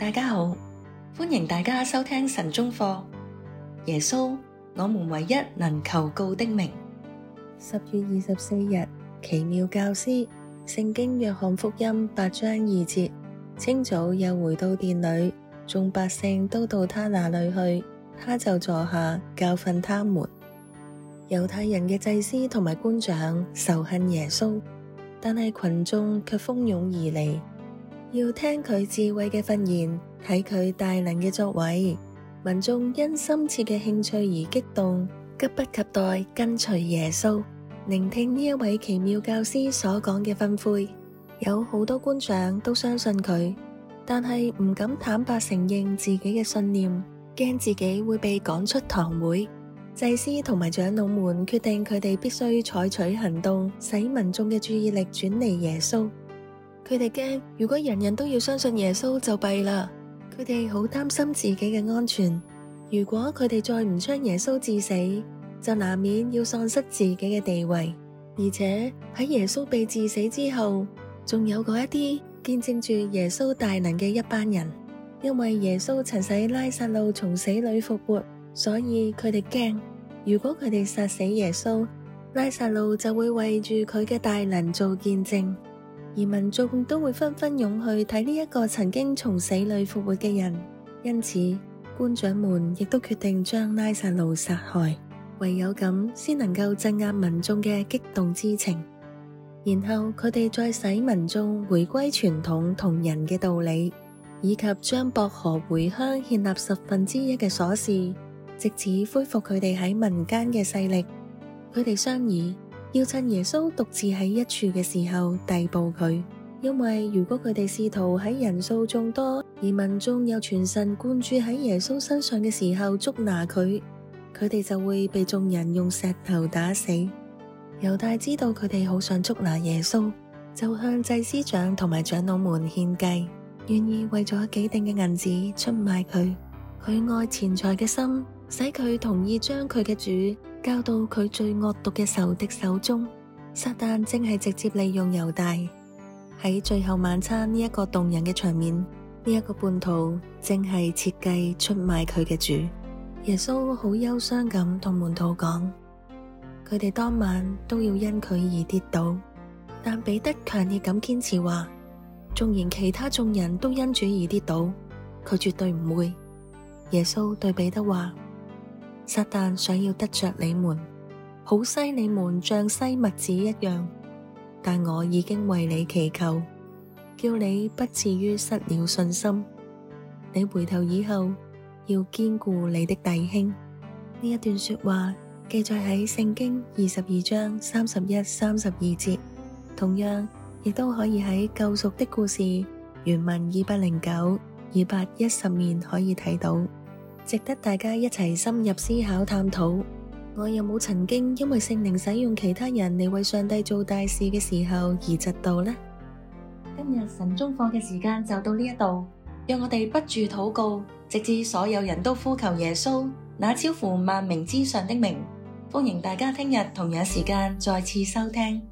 大家好，歡迎大家收聽晨鐘課。耶穌，我們唯一能求告的名。十月二十四日，奇妙教師，聖經約翰福音八章二節。清早又回到殿裏，眾百姓都到他那裏去，他就坐下教訓他們。猶太人嘅祭司同埋官長仇恨耶穌，但係群眾卻蜂擁而嚟。要聽佢智慧嘅訓言，睇佢大能嘅作為，民眾因深切嘅興趣而激動，急不及待跟隨耶穌，聆聽呢一位奇妙教師所講嘅吩咐。有好多官長都相信佢，但係唔敢坦白承認自己嘅信念，驚自己會被趕出堂會。祭司同埋長老們決定佢哋必須採取行動，使民眾嘅注意力轉離耶穌。佢哋驚，如果人人都要相信耶穌就弊啦。佢哋好擔心自己嘅安全。如果佢哋再唔將耶穌致死，就難免要喪失自己嘅地位。而且喺耶穌被致死之後，仲有嗰一啲見證住耶穌大能嘅一班人。因為耶穌曾使拉撒路從死裏復活，所以佢哋驚，如果佢哋殺死耶穌，拉撒路就會為住佢嘅大能做見證。而民眾都會紛紛湧去睇呢一個曾經從死裡復活嘅人，因此官長們亦都決定將拉撒路殺害，唯有咁先能夠鎮壓民眾嘅激動之情，然後佢哋再使民眾回歸傳統同人嘅道理，以及將薄荷茴香獻納十分之一嘅瑣事，直至恢復佢哋喺民間嘅勢力，佢哋相議。要趁耶穌獨自喺一處嘅時候逮捕佢，因為如果佢哋試圖喺人數眾多而民眾又全神貫注喺耶穌身上嘅時候捉拿佢，佢哋就會被眾人用石頭打死。猶大知道佢哋好想捉拿耶穌，就向祭司長同埋長老們獻計，願意為咗幾錠嘅銀子出賣佢，佢愛錢財嘅心，使佢同意將佢嘅主交到佢最惡毒嘅仇敵手中，撒旦正係直接利用猶大喺最後晚餐呢一個動人嘅場面，呢一個叛徒正係設計出賣佢嘅主。耶穌好憂傷咁同門徒講，佢哋當晚都要因佢而跌倒，但彼得強烈咁堅持話，縱然其他眾人都因主而跌倒，佢絕對唔會。耶穌對彼得話。撒旦想要得着你們，好篩你們像篩麥子一樣，但我已經為你祈求，叫你不至於失了信心。你回頭以後，要堅固你的弟兄。呢一段說話記載喺聖經二十二章三十一三十二節，同樣亦都可以喺救贖的故事原文二百零九二百一十面可以睇到。值得大家一齊深入思考探討。我有冇曾經因為聖靈使用其他人嚟為上帝做大事嘅時候而嫉妒呢？今日神中課嘅時間就到呢一度，讓我哋不住禱告，直至所有人都呼求耶穌那超乎萬名之上的名。歡迎大家聽日同樣時間再次收聽。